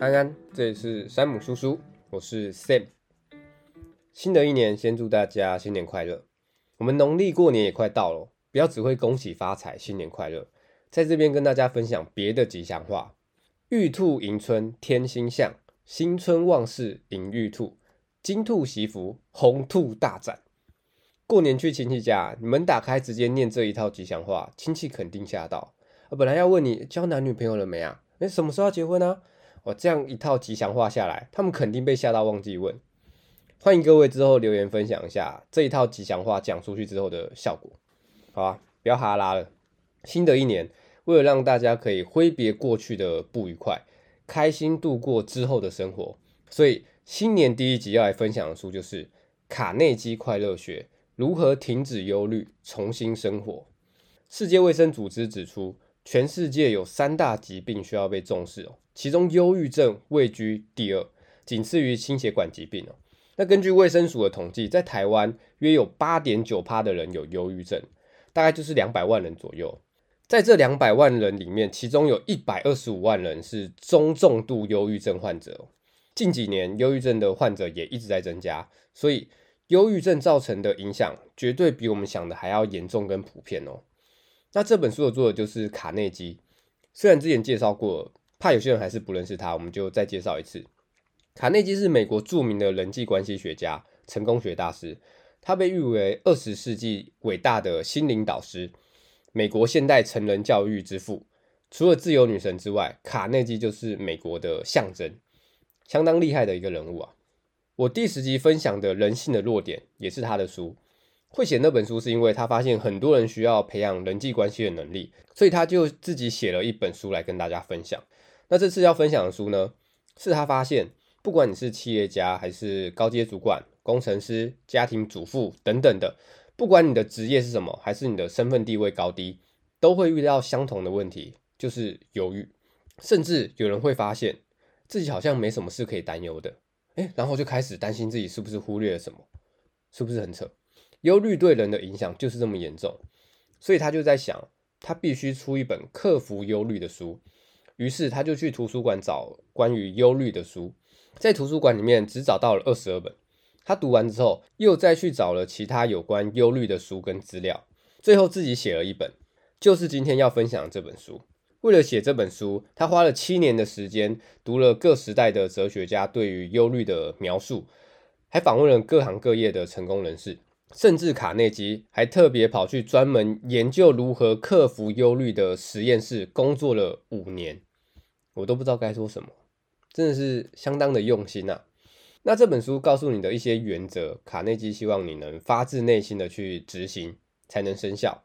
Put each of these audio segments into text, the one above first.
安安，這裡是山姆叔叔，我是 Sam。新的一年，先祝大家新年快樂。我們農曆過年也快到了，不要只會恭喜發財，新年快樂。在這邊跟大家分享別的吉祥話：玉兔迎春，添新象，新春旺事迎玉兔，金兔喜福，鴻兔大展。過年去親戚家，你們打開直接念這一套吉祥話，親戚肯定嚇到。本來要問你交男女朋友了沒啊？哎，什麼時候要結婚啊？我、哦、這樣一套吉祥話下來，他們肯定被嚇到，忘記問。歡迎各位之後留言分享一下這一套吉祥話講出去之後的效果，好啊，不要哈拉了。新的一年，為了讓大家可以揮別過去的不愉快，開心度過之後的生活，所以新年第一集要來分享的書就是《卡內基快樂學：如何停止憂慮，重新生活》。世界衛生組織指出，全世界有三大疾病需要被重視哦。其中憂鬱症位居第二，僅次於心血管疾病哦。那根據衛生署的統計，在台灣約有八點九趴的人有憂鬱症，大概就是兩百萬人左右。在這兩百萬人裡面，其中有一百二十五萬人是中重度憂鬱症患者。近幾年，憂鬱症的患者也一直在增加，所以憂鬱症造成的影響絕對比我們想的還要嚴重跟普遍哦。那這本書我做的作者就是卡內基，雖然之前介紹過。怕有些人還是不認識他，我們就再介紹一次。卡內基是美國著名的人際關係學家、成功學大師，他被譽為二十世紀偉大的心靈導師、美國現代成人教育之父。除了自由女神之外，卡內基就是美國的象徵，相當厲害的一個人物啊！我第十集分享的《人性的弱點》也是他的書。會寫那本書是因為他發現很多人需要培養人際關係的能力，所以他就自己寫了一本書來跟大家分享。那這次要分享的書呢，是他發現，不管你是企業家還是高階主管、工程師、家庭主婦等等的，不管你的職業是什麼，還是你的身份地位高低，都會遇到相同的問題，就是憂慮。甚至有人會發現自己好像沒什麼事可以擔憂的。欸，然後就開始擔心自己是不是忽略了什麼，是不是很扯？憂慮對人的影響就是這麼嚴重，所以他就在想，他必須出一本克服憂慮的書。於是他就去圖書館找關於憂慮的書，在圖書館裡面只找到了二十二本。他讀完之後，又再去找了其他有關憂慮的書跟資料，最後自己寫了一本，就是今天要分享的這本書。為了寫這本書，他花了七年的時間，讀了各時代的哲學家對於憂慮的描述，還訪問了各行各業的成功人士，甚至卡內基還特別跑去專門研究如何克服憂慮的實驗室工作了五年。我都不知道該說什麼，真的是相當的用心吶、啊。那這本書告訴你的一些原則，卡內基希望你能發自內心的去執行，才能生效。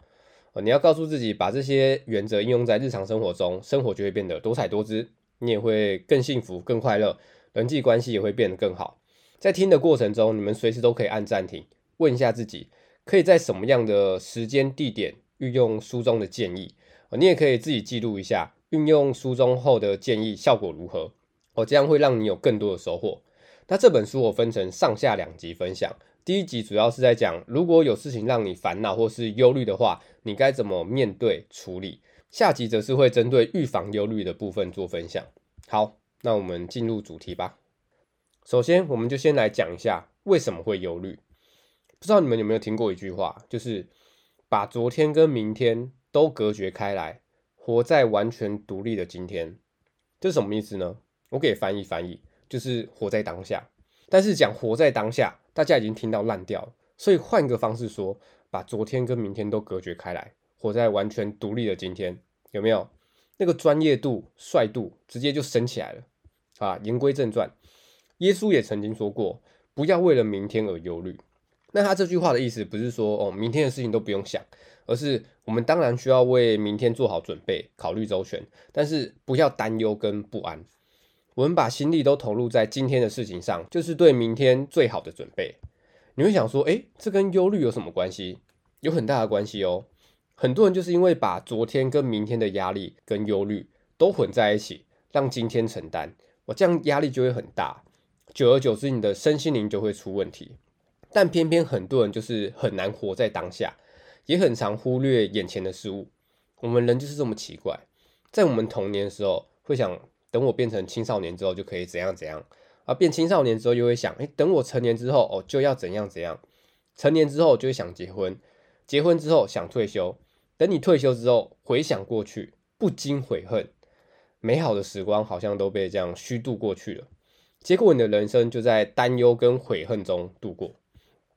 呃，你要告訴自己把這些原則應用在日常生活中，生活就會變得多彩多姿，你也會更幸福、更快樂，人際關係也會變得更好。在聽的過程中，你們隨時都可以按暫停，問一下自己可以在什麼樣的時間地點運用書中的建議。呃，你也可以自己記錄一下。運用書中後的建議效果如何？我、哦、這樣會讓你有更多的收穫。那這本書我分成上下兩集分享，第一集主要是在講如果有事情讓你煩惱或是憂慮的話，你該怎麼面對處理。下集則是會針對預防憂慮的部分做分享。好，那我們進入主題吧。首先，我們就先來講一下為什麼會憂慮。不知道你們有沒有聽過一句話，就是把昨天跟明天都隔絕開來。活在完全獨立的今天，這是什麼意思呢？我可以翻譯翻譯，就是活在當下。但是講活在當下，大家已經聽到爛掉了，所以換個方式說，把昨天跟明天都隔絕開來，活在完全獨立的今天，有沒有？那個專業度、帥度直接就升起來了啊！言歸正傳，耶穌也曾經說過，不要為了明天而憂慮。那他這句話的意思不是說哦，明天的事情都不用想，而是我們當然需要為明天做好準備，考慮周全，但是不要擔憂跟不安。我們把心力都投入在今天的事情上，就是對明天最好的準備。你會想說，哎，這跟憂慮有什麼關係？有很大的關係哦。很多人就是因為把昨天跟明天的壓力跟憂慮都混在一起，讓今天承擔，我，哦，這樣壓力就會很大，久而久之，你的身心靈就會出問題。但偏偏很多人就是很難活在當下，也很常忽略眼前的事物。我們人就是這麼奇怪，在我們童年的時候會想，等我變成青少年之後就可以怎樣怎樣而、啊、變青少年之後又會想，誒、欸，等我成年之後哦就要怎樣怎樣。成年之後就會想結婚，結婚之後想退休，等你退休之後回想過去，不禁悔恨，美好的時光好像都被這樣虛度過去了。結果你的人生就在擔憂跟悔恨中度過。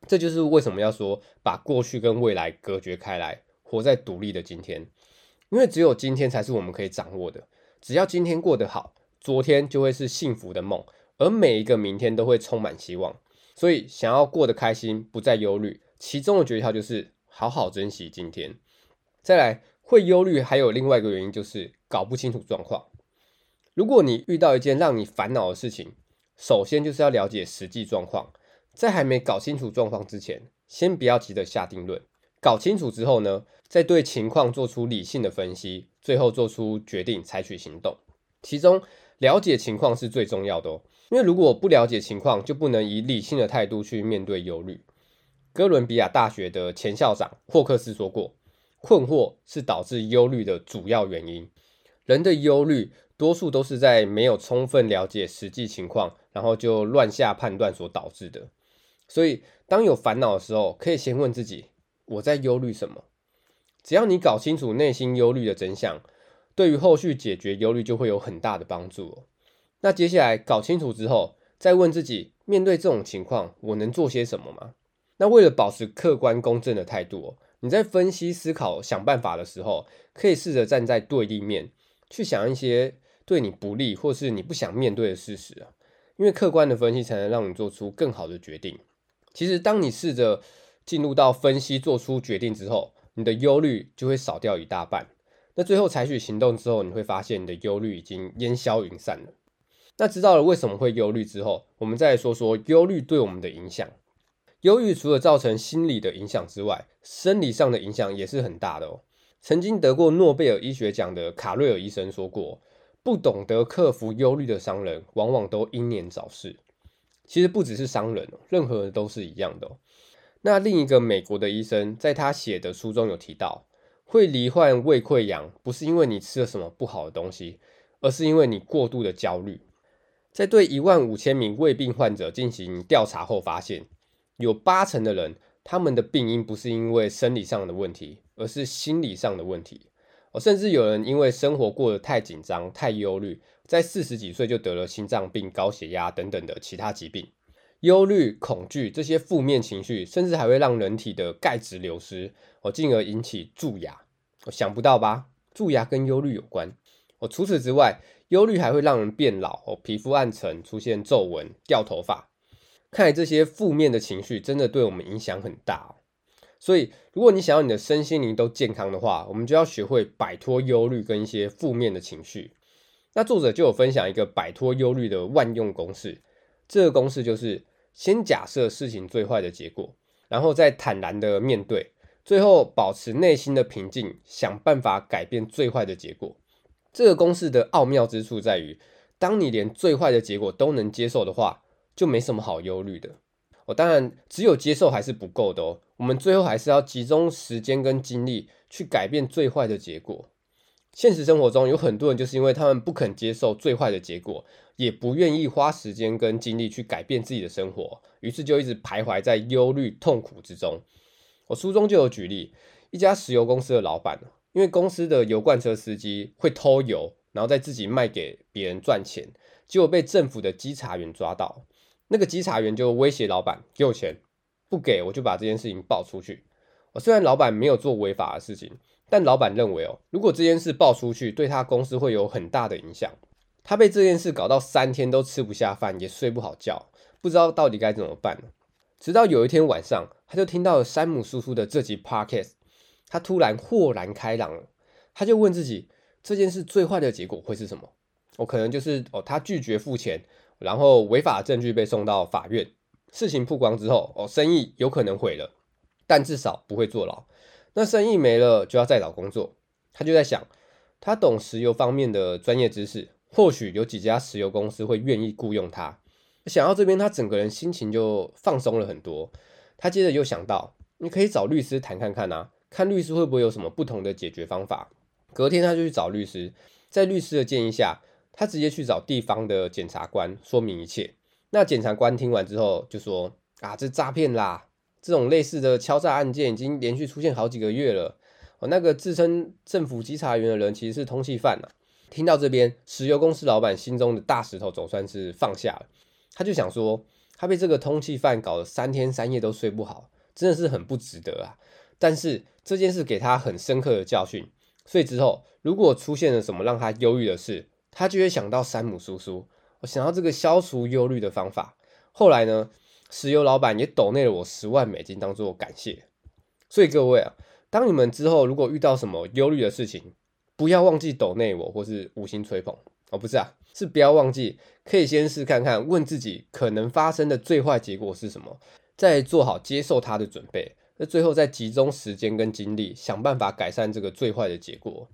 這就是為什麼要說把過去跟未來隔絕開來，活在獨立的今天，因為只有今天才是我們可以掌握的。只要今天過得好，昨天就會是幸福的夢，而每一個明天都會充滿希望。所以，想要過得開心，不再憂慮，其中的訣竅就是好好珍惜今天。再來，會憂慮還有另外一個原因，就是搞不清楚狀況。如果你遇到一件讓你煩惱的事情，首先就是要了解實際狀況。在還沒搞清楚狀況之前，先不要急着下定論。搞清楚之後呢，再對情況做出理性的分析，最後做出決定，採取行動。其中，了解情況是最重要的哦。因為如果不了解情況，就不能以理性的態度去面對憂慮。哥倫比亞大學的前校長霍克斯說過：“困惑是導致憂慮的主要原因。人的憂慮，多數都是在沒有充分了解實際情況，然後就亂下判斷所導致的。”所以，當有煩惱的時候，可以先問自己：我在憂慮什麼？只要你搞清楚內心憂慮的真相，對於後續解決憂慮就會有很大的幫助。那接下來搞清楚之後，再問自己：面對這種情況，我能做些什麼嗎？那為了保持客觀公正的態度哦，你在分析思考想辦法的時候，可以試着站在對立面去想一些對你不利或是你不想面對的事實。因為客觀的分析，才能讓你做出更好的決定。其實，當你試着進入到分析、做出決定之後，你的憂慮就會少掉一大半。那最後採取行動之後，你會發現你的憂慮已經煙消雲散了。那知道了為什麼會憂慮之後，我們再來說說憂慮對我們的影響。憂慮除了造成心理的影響之外，生理上的影響也是很大的哦。曾經得過諾貝爾醫學獎的卡瑞爾醫生說過，不懂得克服憂慮的商人，往往都英年早逝。其實不只是商人，任何人都是一樣的。那另一個美國的醫生在他寫的書中有提到，會罹患胃潰瘍不是因為你吃了什麼不好的東西，而是因為你過度的焦慮。在對一萬五千名胃病患者進行調查後，發現有八成的人，他們的病因不是因為生理上的問題，而是心理上的問題。甚至有人因為生活過得太緊張、太憂慮。在四十幾歲就得了心臟病、高血壓等等的其他疾病，憂慮、恐懼這些負面情緒，甚至還會讓人體的鈣質流失哦，進而引起蛀牙。我想不到吧？蛀牙跟憂慮有關。我除此之外，憂慮還會讓人變老，皮膚暗沉、出現皺紋、掉頭髮。看來這些負面的情緒真的對我們影響很大哦。所以，如果你想要你的身心靈都健康的話，我們就要學會擺脫憂慮跟一些負面的情緒。那作者就有分享一個擺脫憂慮的萬用公式，這個公式就是先假設事情最壞的結果，然後再坦然的面對，最後保持內心的平靜，想辦法改變最壞的結果。這個公式的奧妙之處在於，當你連最壞的結果都能接受的話，就沒什麼好憂慮的。我，哦，當然，只有接受還是不夠的哦，我們最後還是要集中時間跟精力去改變最壞的結果。現實生活中，有很多人就是因為他們不肯接受最壞的結果，也不願意花時間跟精力去改變自己的生活，於是就一直徘徊在憂慮痛苦之中。我書中就有舉例，一家石油公司的老闆，因為公司的油罐車司機會偷油，然後再自己賣給別人賺錢，結果被政府的稽查員抓到。那個稽查員就威脅老闆：“給我錢，不給我就把這件事情報出去。”我雖然老闆沒有做違法的事情。但老闆認為哦，如果這件事爆出去，對他公司會有很大的影響。他被這件事搞到三天都吃不下飯，也睡不好覺，不知道到底該怎麼辦。直到有一天晚上，他就聽到了山姆叔叔的這集 podcast，他突然豁然開朗了。他就問自己，這件事最壞的結果會是什麼？我、哦、可能就是哦，他拒絕付錢，然後違法證據被送到法院，事情曝光之後哦，生意有可能毀了，但至少不會坐牢。那生意沒了，就要再找工作。他就在想，他懂石油方面的專業知識，或許有幾家石油公司會願意雇傭他。想到這邊，他整個人心情就放鬆了很多。他接着又想到，你可以找律師談看看啊，看律師會不會有什麼不同的解決方法。隔天他就去找律師，在律師的建議下，他直接去找地方的檢察官說明一切。那檢察官聽完之後就說：“啊，這詐騙啦！”這種類似的敲詐案件已經連續出現好幾個月了。那個自稱政府稽查員的人其實是通緝犯啊。聽到這邊，石油公司老板心中的大石頭總算是放下了。他就想說，他被這個通緝犯搞了三天三夜都睡不好，真的是很不值得啊。但是這件事給他很深刻的教訓，所以之後如果出現了什麼讓他憂鬱的事，他就會想到山姆叔叔，我想到這個消除憂慮的方法。後來呢？石油老闆也抖內了我十萬美金當做感謝，所以各位啊，當你們之後如果遇到什麼憂慮的事情，不要忘記抖內我或是五星吹捧哦，不是啊，是不要忘記可以先試看看，問自己可能發生的最壞結果是什麼，再做好接受它的準備，那最後再集中時間跟精力想辦法改善這個最壞的結果。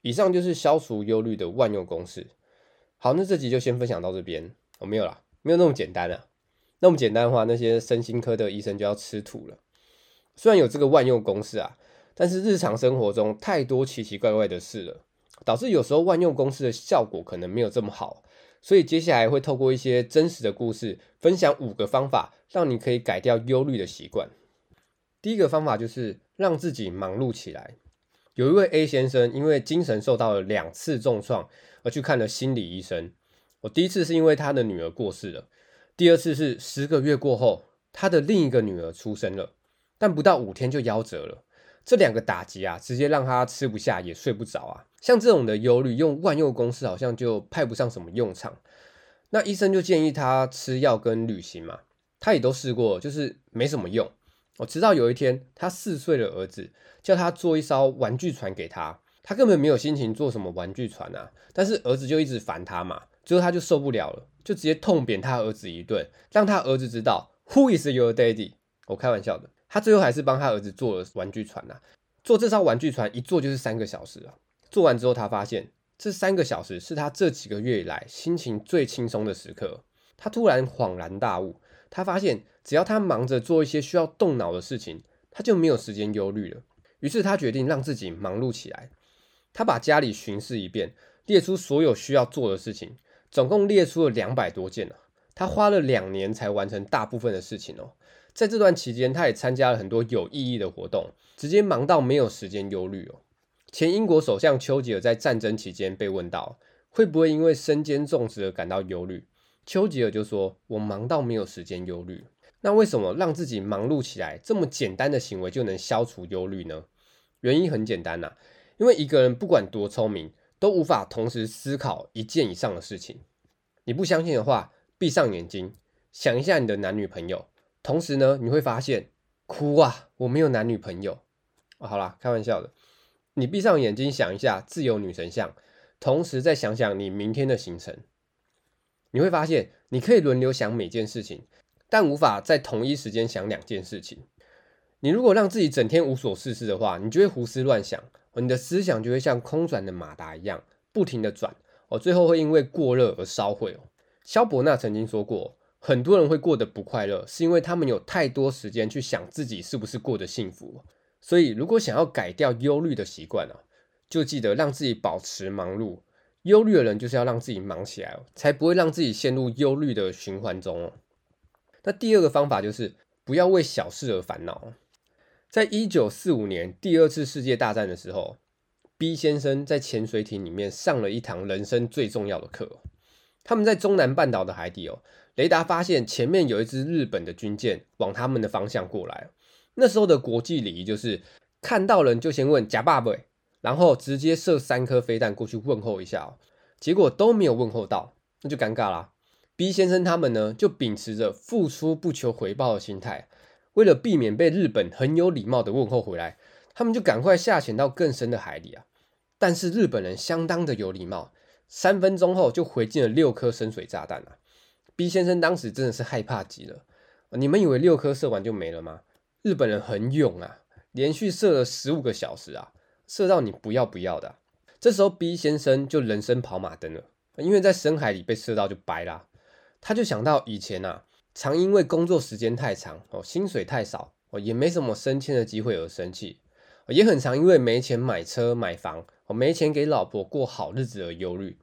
以上就是消除憂慮的萬用公式。好，那這集就先分享到這邊哦，沒有啦，沒有那麼簡單啊。那麼簡單的話，那些身心科的醫生就要吃土了。雖然有這個萬用公式啊，但是日常生活中太多奇奇怪怪的事了，導致有時候萬用公式的效果可能沒有這麼好。所以接下來會透過一些真實的故事，分享五個方法，讓你可以改掉憂慮的習慣。第一個方法就是讓自己忙碌起來。有一位 A 先生，因為精神受到了兩次重創，而去看了心理醫生。我第一次是因為他的女兒過世了。第二次是十個月過後，他的另一個女兒出生了，但不到五天就夭折了。這兩個打擊啊，直接讓他吃不下也睡不着啊。像這種的憂慮，用萬用公式好像就派不上什麼用場。那醫生就建議他吃藥跟旅行嘛，他也都試過了，就是沒什麼用。我直到有一天，他四歲的兒子叫他做一艘玩具船給他，他根本沒有心情做什麼玩具船啊。但是兒子就一直煩他嘛。之後他就受不了了，就直接痛扁他兒子一頓，讓他兒子知道 Who is your daddy？我開玩笑的。他最後還是幫他兒子做了玩具船啊。做這艘玩具船一坐就是三個小時啊。做完之後，他發現這三個小時是他這幾個月以來心情最輕鬆的時刻。他突然恍然大悟，他發現只要他忙着做一些需要動腦的事情，他就沒有時間憂慮了。於是他決定讓自己忙碌起來。他把家裡巡視一遍，列出所有需要做的事情。總共列出了兩百多件，啊、他花了兩年才完成大部分的事情，哦，在這段期間，他也參加了很多有意義的活動，直接忙到沒有時間憂慮哦。前英國首相丘吉爾在戰爭期間被問到會不會因為身兼重職而感到憂慮，丘吉爾就說：“我忙到沒有時間憂慮。”那為什麼讓自己忙碌起來這麼簡單的行為就能消除憂慮呢？原因很簡單，啊、因為一個人不管多聰明。都無法同時思考一件以上的事情。你不相信的話，閉上眼睛想一下你的男女朋友，同時呢，你會發現，哭啊，我沒有男女朋友，啊、好啦，開玩笑的。你閉上眼睛想一下自由女神像，同時再想想你明天的行程，你會發現你可以輪流想每件事情，但無法在同一時間想兩件事情。你如果讓自己整天無所事事的話，你就會胡思亂想。你的思想就會像空轉的馬達一樣，不停地轉哦，最後會因為過熱而燒毀哦。蕭伯納曾經說過，很多人會過得不快樂，是因為他們有太多時間去想自己是不是過得幸福。所以，如果想要改掉憂慮的習慣，就記得讓自己保持忙碌。憂慮的人就是要讓自己忙起來哦，才不會讓自己陷入憂慮的循環中哦。那第二個方法就是，不要為小事而煩惱。在一九四五年第二次世界大戰的時候，B 先生在潛水艇裡面上了一堂人生最重要的課。他們在中南半島的海底哦，雷達發現前面有一支日本的軍艦往他們的方向過來。那時候的國際禮儀就是看到人就先問呷飽沒，然後直接射三顆飛彈過去問候一下哦。結果都沒有問候到，那就尷尬啦。B 先生他們呢，就秉持着付出不求回報的心態。為了避免被日本很有禮貌的問候回來，他們就趕快下潛到更深的海裡啊。但是日本人相當的有禮貌，三分鐘後就回進了六顆深水炸彈啊。B 先生當時真的是害怕極了。你們以為六顆射完就沒了嗎？日本人很勇啊，連續射了十五個小時啊，射到你不要不要的。這時候 B 先生就人生跑馬燈了，因為在深海裡被射到就白了。他就想到以前吶、啊。常因為工作時間太長哦，薪水太少哦，也沒什麼升遷的機會而生氣，也很常因為沒錢買車買房，我沒錢給老婆過好日子而憂慮。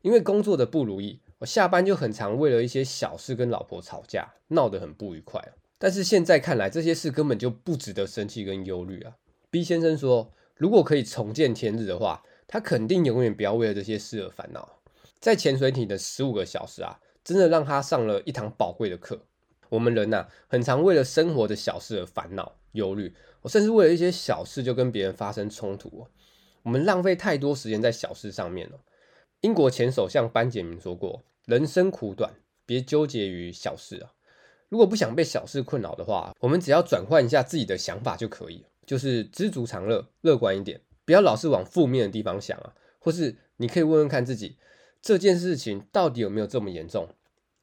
因為工作的不如意，我下班就很常為了一些小事跟老婆吵架，鬧得很不愉快。但是現在看來，這些事根本就不值得生氣跟憂慮啊。B 先生說，如果可以重見天日的話，他肯定永遠不要為了這些事而煩惱。在潛水艇的十五個小時啊。真的讓他上了一堂寶貴的課。我們人吶，很常為了生活的小事而煩惱、憂慮，甚至為了一些小事就跟別人發生衝突啊。我們浪費太多時間在小事上面了。英國前首相班傑明說過：“人生苦短，別糾結於小事啊！如果不想被小事困擾的話，我們只要轉換一下自己的想法就可以了，就是知足常樂，樂觀一點，不要老是往負面的地方想啊。或是你可以問問看自己，這件事情到底有沒有這麼嚴重？”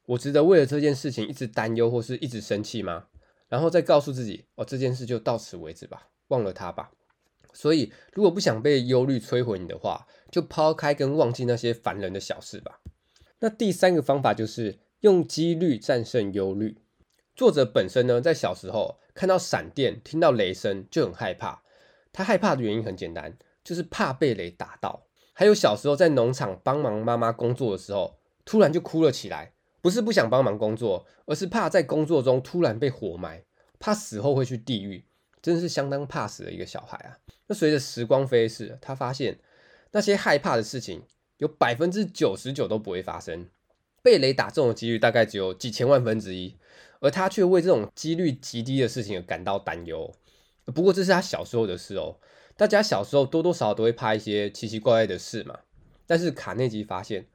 我值得為了這件事情一直擔憂，或是一直生氣嗎？然後再告訴自己，哦，這件事就到此為止吧，忘了它吧。所以，如果不想被憂慮摧毀你的話，就拋開跟忘記那些煩人的小事吧。那第三個方法就是用幾率戰勝憂慮。作者本身呢，在小時候看到閃電、聽到雷聲就很害怕，他害怕的原因很簡單，就是怕被雷打到。還有小時候在農場幫忙媽媽工作的時候，突然就哭了起來。不是不想幫忙工作，而是怕在工作中突然被活埋，怕死後會去地獄，真是相當怕死的一個小孩啊。那隨着時光飛逝，他發現那些害怕的事情有百分之九十九都不會發生，被雷打中的幾率大概只有幾千萬分之一，而他卻為這種幾率極低的事情而感到擔憂。不過這是他小時候的事哦，大家小時候多多少少都會怕一些奇奇怪怪的事嘛。但是卡內基發現，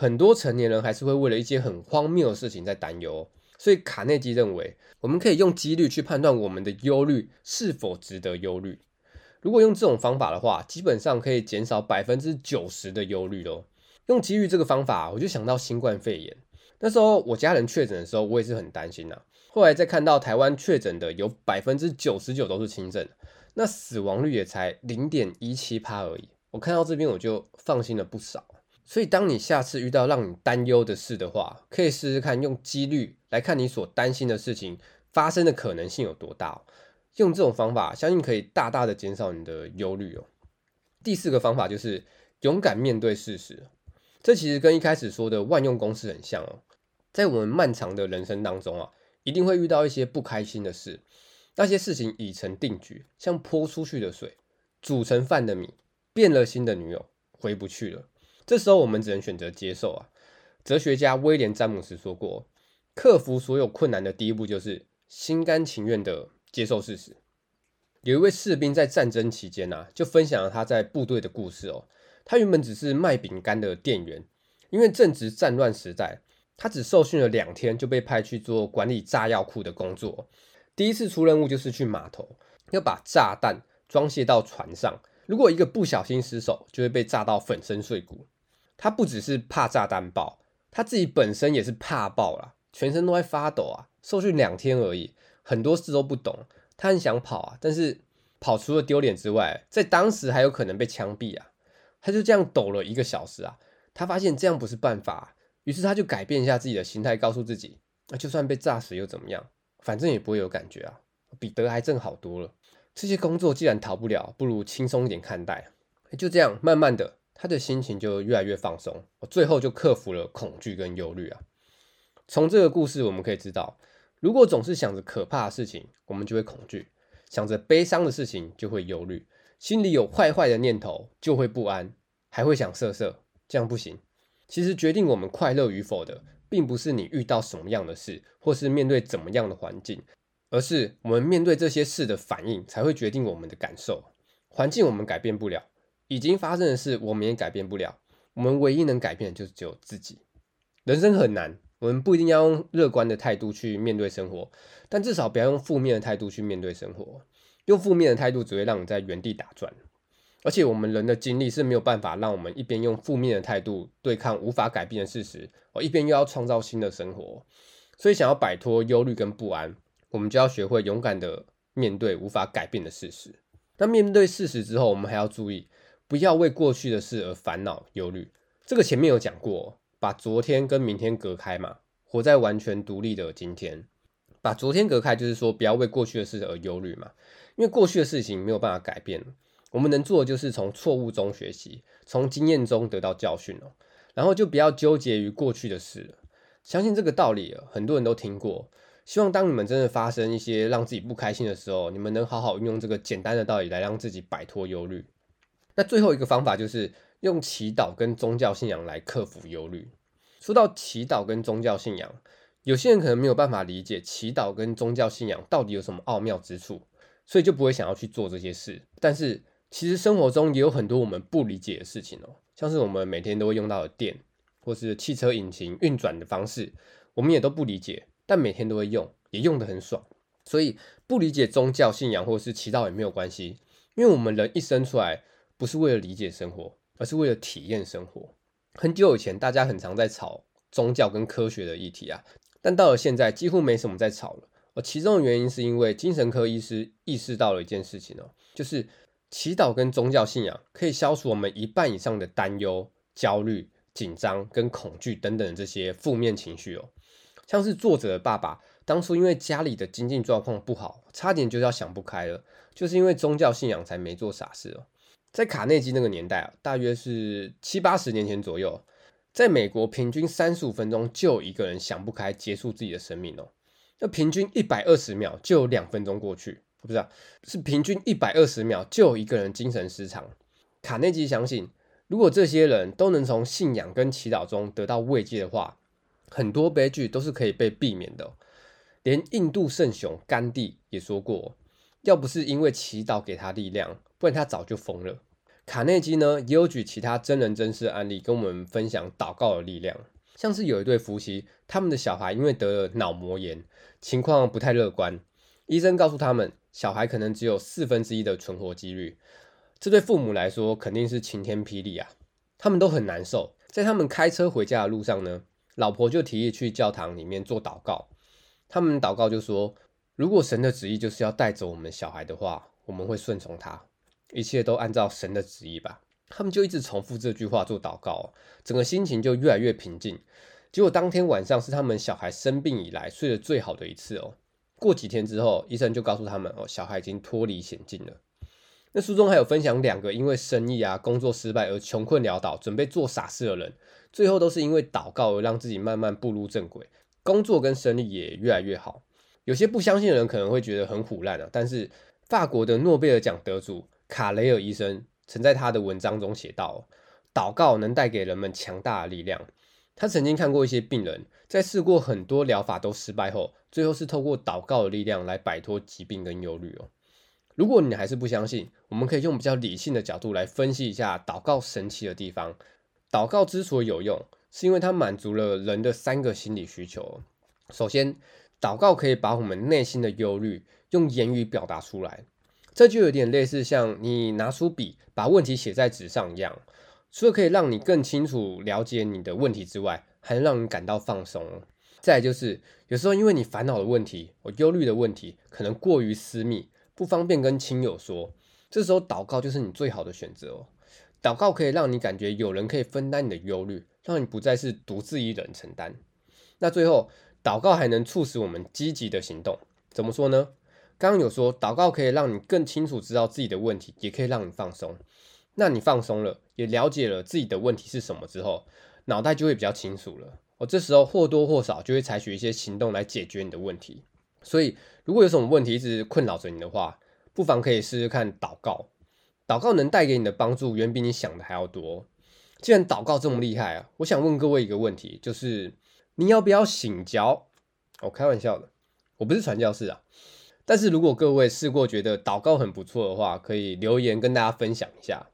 很多成年人還是會為了一些很荒謬的事情在擔憂，所以卡內基認為，我們可以用機率去判斷我們的憂慮是否值得憂慮。如果用這種方法的話，基本上可以減少百分之九十的憂慮咯。用機率這個方法，我就想到新冠肺炎。那時候我家人確診的時候，我也是很擔心吶、啊。後來再看到台灣確診的有百分之九十九都是輕症，那死亡率也才零點一七趴而已。我看到這邊我就放心了不少。所以，當你下次遇到讓你擔憂的事的話，可以試試看用幾率來看你所擔心的事情發生的可能性有多大哦。用這種方法，相信可以大大的減少你的憂慮哦。第四個方法就是勇敢面對事實，這其實跟一開始說的萬用公式很像哦。在我們漫長的人生當中啊，一定會遇到一些不開心的事，那些事情已成定局，像潑出去的水，煮成飯的米，變了心的女友，回不去了。這時候我們只能選擇接受啊。哲學家威廉·詹姆斯說過：“克服所有困難的第一步就是心甘情願地接受事實。”有一位士兵在戰爭期間啊，就分享了他在部隊的故事哦。他原本只是賣餅乾的店員，因為正值戰亂時代，他只受訓了兩天就被派去做管理炸藥庫的工作。第一次出任務就是去碼頭，要把炸彈裝卸到船上。如果一個不小心失手，就會被炸到粉身碎骨。他不只是怕炸彈爆，他自己本身也是怕爆了，全身都在發抖啊。受訓兩天而已，很多事都不懂，他很想跑啊，但是跑除了丟臉之外，在當時還有可能被槍斃啊。他就這樣抖了一個小時啊，他發現這樣不是辦法啊，於是他就改變一下自己的心態，告訴自己，那就算被炸死又怎麼樣，反正也不會有感覺啊，比得癌症好多了。這些工作既然逃不了，不如輕鬆一點看待。就這樣，慢慢的。他的心情就越來越放鬆，我最後就克服了恐懼跟憂慮啊。從這個故事我們可以知道，如果總是想着可怕的事情，我們就會恐懼；想着悲傷的事情就會憂慮；心裡有壞壞的念頭就會不安，還會想色色，這樣不行。其實決定我們快樂與否的，並不是你遇到什麼樣的事，或是面對怎麼樣的環境，而是我們面對這些事的反應才會決定我們的感受。環境我們改變不了。已經發生的事，我們也改變不了。我們唯一能改變的就是只有自己。人生很難，我們不一定要用樂觀的態度去面對生活，但至少不要用負面的態度去面對生活。用負面的態度只會讓你在原地打轉。而且我們人的精力是沒有辦法讓我們一邊用負面的態度對抗無法改變的事實，而一邊又要創造新的生活。所以，想要擺脫憂慮跟不安，我們就要學會勇敢的面對無法改變的事實。那面對事實之後，我們還要注意。不要為過去的事而煩惱、憂慮，這個前面有講過，把昨天跟明天隔開嘛，活在完全獨立的今天，把昨天隔開，就是說不要為過去的事而憂慮嘛，因為過去的事情沒有辦法改變，我們能做的就是從錯誤中學習，從經驗中得到教訓喔，然後就不要糾結於過去的事。相信這個道理喔，很多人都聽過。希望當你們真的發生一些讓自己不開心的時候，你們能好好運用這個簡單的道理來讓自己擺脫憂慮。那最後一個方法就是用祈禱跟宗教信仰來克服憂慮。說到祈禱跟宗教信仰，有些人可能沒有辦法理解祈禱跟宗教信仰到底有什麼奧妙之處，所以就不會想要去做這些事。但是其實生活中也有很多我們不理解的事情哦，像是我們每天都會用到的電，或是汽車引擎運轉的方式，我們也都不理解，但每天都會用，也用得很爽。所以不理解宗教信仰或是祈禱也沒有關係，因為我們人一生出來，不是為了理解生活，而是為了體驗生活。很久以前，大家很常在吵宗教跟科學的議題啊，但到了現在，幾乎沒什麼在吵了。而其中的原因，是因為精神科醫師意識到了一件事情哦，就是祈禱跟宗教信仰可以消除我們一半以上的擔憂、焦慮、緊張跟恐懼等等的這些負面情緒哦。像是作者的爸爸，當初因為家裡的經濟狀況不好，差點就要想不開了，就是因為宗教信仰才沒做傻事哦。在卡內基那個年代，大約是七八十年前左右，在美國平均三十五分鐘就有一個人想不開結束自己的生命哦。那平均一百二十秒就有兩分鐘過去，不是啊？是平均一百二十秒就有一個人精神失常。卡內基相信，如果這些人都能從信仰跟祈禱中得到慰藉的話，很多悲劇都是可以被避免的。連印度聖雄甘地也說過，要不是因為祈禱給他力量。不然他早就瘋了。卡內基呢也有舉其他真人真事的案例跟我們分享禱告的力量，像是有一對夫妻，他們的小孩因為得了腦膜炎，情況不太樂觀，醫生告訴他們，小孩可能只有四分之一的存活幾率。這對父母來說肯定是晴天霹靂啊，他們都很難受。在他們開車回家的路上呢，老婆就提議去教堂裡面做禱告。他們禱告就說，如果神的旨意就是要帶走我們小孩的話，我們會順從他。一切都按照神的旨意吧。他們就一直重複這句話做禱告，哦，整個心情就越來越平靜。結果當天晚上是他們小孩生病以來睡得最好的一次哦。過幾天之後，醫生就告訴他們哦，小孩已經脫離險境了。那書中還有分享兩個因為生意啊、工作失敗而窮困潦倒，準備做傻事的人，最後都是因為禱告而讓自己慢慢步入正軌，工作跟生意也越來越好。有些不相信的人可能會覺得很唬爛啊，但是法國的諾貝爾獎得主。卡雷爾醫生曾在他的文章中寫道：“禱告能帶給人們強大的力量。”他曾經看過一些病人在試過很多療法都失敗後，最後是透過禱告的力量來擺脫疾病跟憂慮哦。如果你還是不相信，我們可以用比較理性的角度來分析一下禱告神奇的地方。禱告之所以有用，是因為它滿足了人的三個心理需求。首先，禱告可以把我們內心的憂慮用言語表達出來。這就有點類似像你拿出筆把問題寫在紙上一樣，除了可以讓你更清楚了解你的問題之外，還能讓你感到放鬆。再來就是有時候因為你煩惱的問題、我憂慮的問題可能過於私密，不方便跟親友說，這時候禱告就是你最好的選擇哦。禱告可以讓你感覺有人可以分擔你的憂慮，讓你不再是獨自一人承擔。那最後，禱告還能促使我們積極的行動。怎麼說呢？剛剛有說，禱告可以讓你更清楚知道自己的問題，也可以讓你放鬆。那你放鬆了，也了解了自己的問題是什麼之後，腦袋就會比較清楚了。我、哦、這時候或多或少就會採取一些行動來解決你的問題。所以，如果有什麼問題一直困擾着你的話，不妨可以試試看禱告。禱告能帶給你的幫助，遠比你想的還要多。既然禱告這麼厲害啊，我想問各位一個問題，就是你要不要信教？我、哦、開玩笑的，我不是傳教士啊。但是如果各位試過覺得禱告很不錯的話，可以留言跟大家分享一下。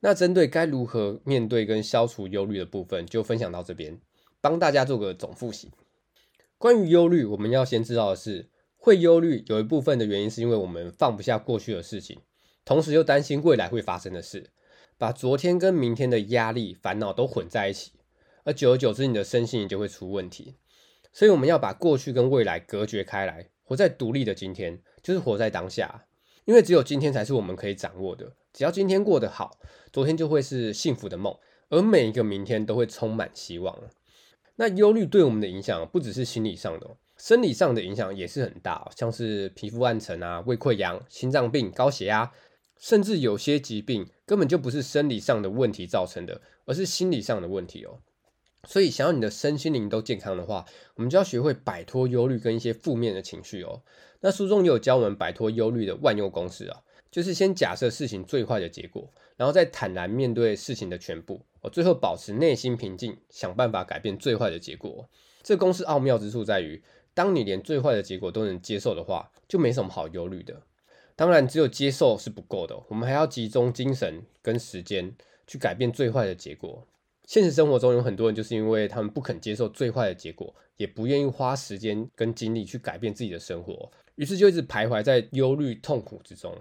那針對該如何面對跟消除憂慮的部分，就分享到這邊，幫大家做個總複習。關於憂慮，我們要先知道的是，會憂慮有一部分的原因是因為我們放不下過去的事情，同時又擔心未來會發生的事，把昨天跟明天的壓力、煩惱都混在一起，而久而久之，你的身心就會出問題。所以我們要把過去跟未來隔絕開來。活在獨立的今天，就是活在當下，因為只有今天才是我們可以掌握的。只要今天過得好，昨天就會是幸福的夢，而每一個明天都會充滿希望。那憂慮對我們的影響，不只是心理上的，生理上的影響也是很大，像是皮膚暗沉啊、胃潰瘍、心臟病、高血壓，甚至有些疾病根本就不是生理上的問題造成的，而是心理上的問題哦。所以，想要你的身心靈都健康的話，我們就要學會擺脫憂慮跟一些負面的情緒哦。那書中也有教我們擺脫憂慮的萬用公式啊，就是先假設事情最壞的結果，然後再坦然面對事情的全部，最後保持內心平靜，想辦法改變最壞的結果。這個公式奧妙之處在於，當你連最壞的結果都能接受的話，就沒什麼好憂慮的。當然，只有接受是不夠的，我們還要集中精神跟時間去改變最壞的結果。現實生活中有很多人，就是因為他們不肯接受最壞的結果，也不願意花時間跟精力去改變自己的生活，於是就一直徘徊在憂慮痛苦之中。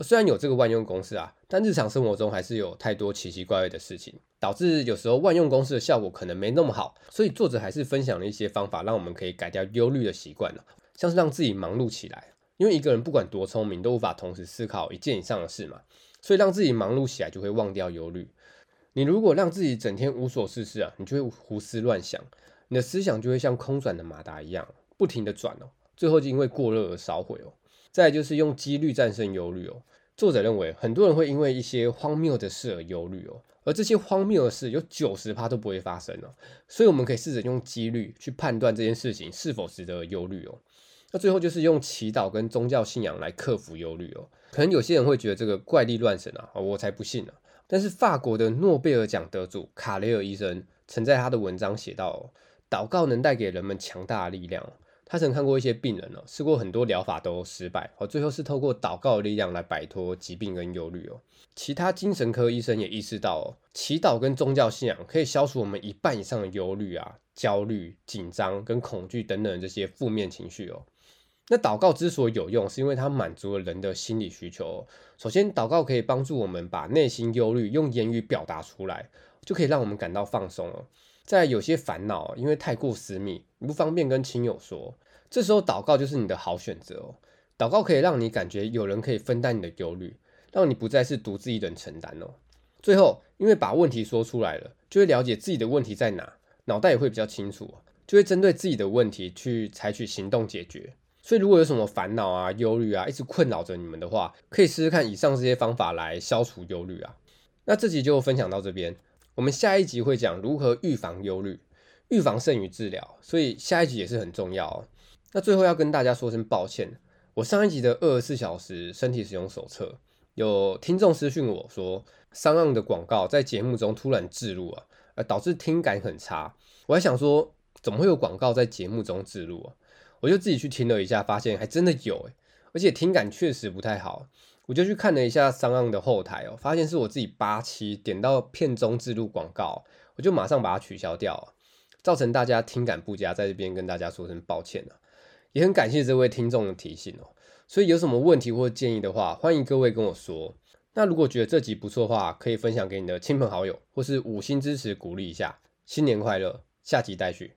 雖然有這個萬用公式啊，但日常生活中還是有太多奇奇怪怪的事情，導致有時候萬用公式的效果可能沒那麼好。所以作者還是分享了一些方法，讓我們可以改掉憂慮的習慣啊，像是讓自己忙碌起來，因為一個人不管多聰明，都無法同時思考一件以上的事嘛，所以讓自己忙碌起來，就會忘掉憂慮。你如果讓自己整天無所事事啊，你就會胡思亂想，你的思想就會像空轉的馬達一樣，不停地轉哦，最後就因為過熱而燒毀哦。再來就是用幾率戰勝憂慮哦。作者認為，很多人會因為一些荒謬的事而憂慮哦，而這些荒謬的事有九十趴都不會發生哦，所以我們可以試着用幾率去判斷這件事情是否值得憂慮哦。那最後就是用祈禱跟宗教信仰來克服憂慮哦。可能有些人會覺得這個怪力亂神啊，我才不信呢、啊。但是法國的諾貝爾獎得主卡雷爾醫生曾在他的文章寫道，禱告能帶給人們強大的力量。他曾看過一些病人哦，試過很多療法都失敗，最後是透過禱告的力量來擺脫疾病跟憂慮哦。其他精神科醫生也意識到，祈禱跟宗教信仰可以消除我們一半以上的憂慮啊、焦慮、緊張跟恐懼等等這些負面情緒哦。那禱告之所以有用，是因為它滿足了人的心理需求哦。首先，禱告可以幫助我們把內心憂慮用言語表達出來，就可以讓我們感到放鬆哦。在有些煩惱因為太過私密，你不方便跟親友說，這時候禱告就是你的好選擇哦。禱告可以讓你感覺有人可以分擔你的憂慮，讓你不再是獨自一人承擔哦。最後，因為把問題說出來了，就會了解自己的問題在哪，腦袋也會比較清楚，就會針對自己的問題去採取行動解決。所以，如果有什麼煩惱啊、憂慮啊，一直困擾着你們的話，可以試試看以上這些方法來消除憂慮啊。那這集就分享到這邊，我們下一集會講如何預防憂慮，預防勝於治療，所以下一集也是很重要哦。那最後要跟大家說聲抱歉，我上一集的二十四小時身體使用手冊有聽眾私訊我說，SoundOn 的廣告在節目中突然置入啊，而導致聽感很差。我還想說，怎麼會有廣告在節目中置入啊？我就自己去聽了一下，發現還真的有誒，而且聽感確實不太好。我就去看了一下 SoundOn 的後台哦，發現是我自己八七點到片中自錄廣告，我就馬上把它取消掉，造成大家聽感不佳，在這邊跟大家說聲抱歉了，也很感謝這位聽眾的提醒哦。所以有什麼問題或建議的話，歡迎各位跟我說。那如果覺得這集不錯的話，可以分享給你的親朋好友，或是五星支持鼓勵一下。新年快樂，下集待續。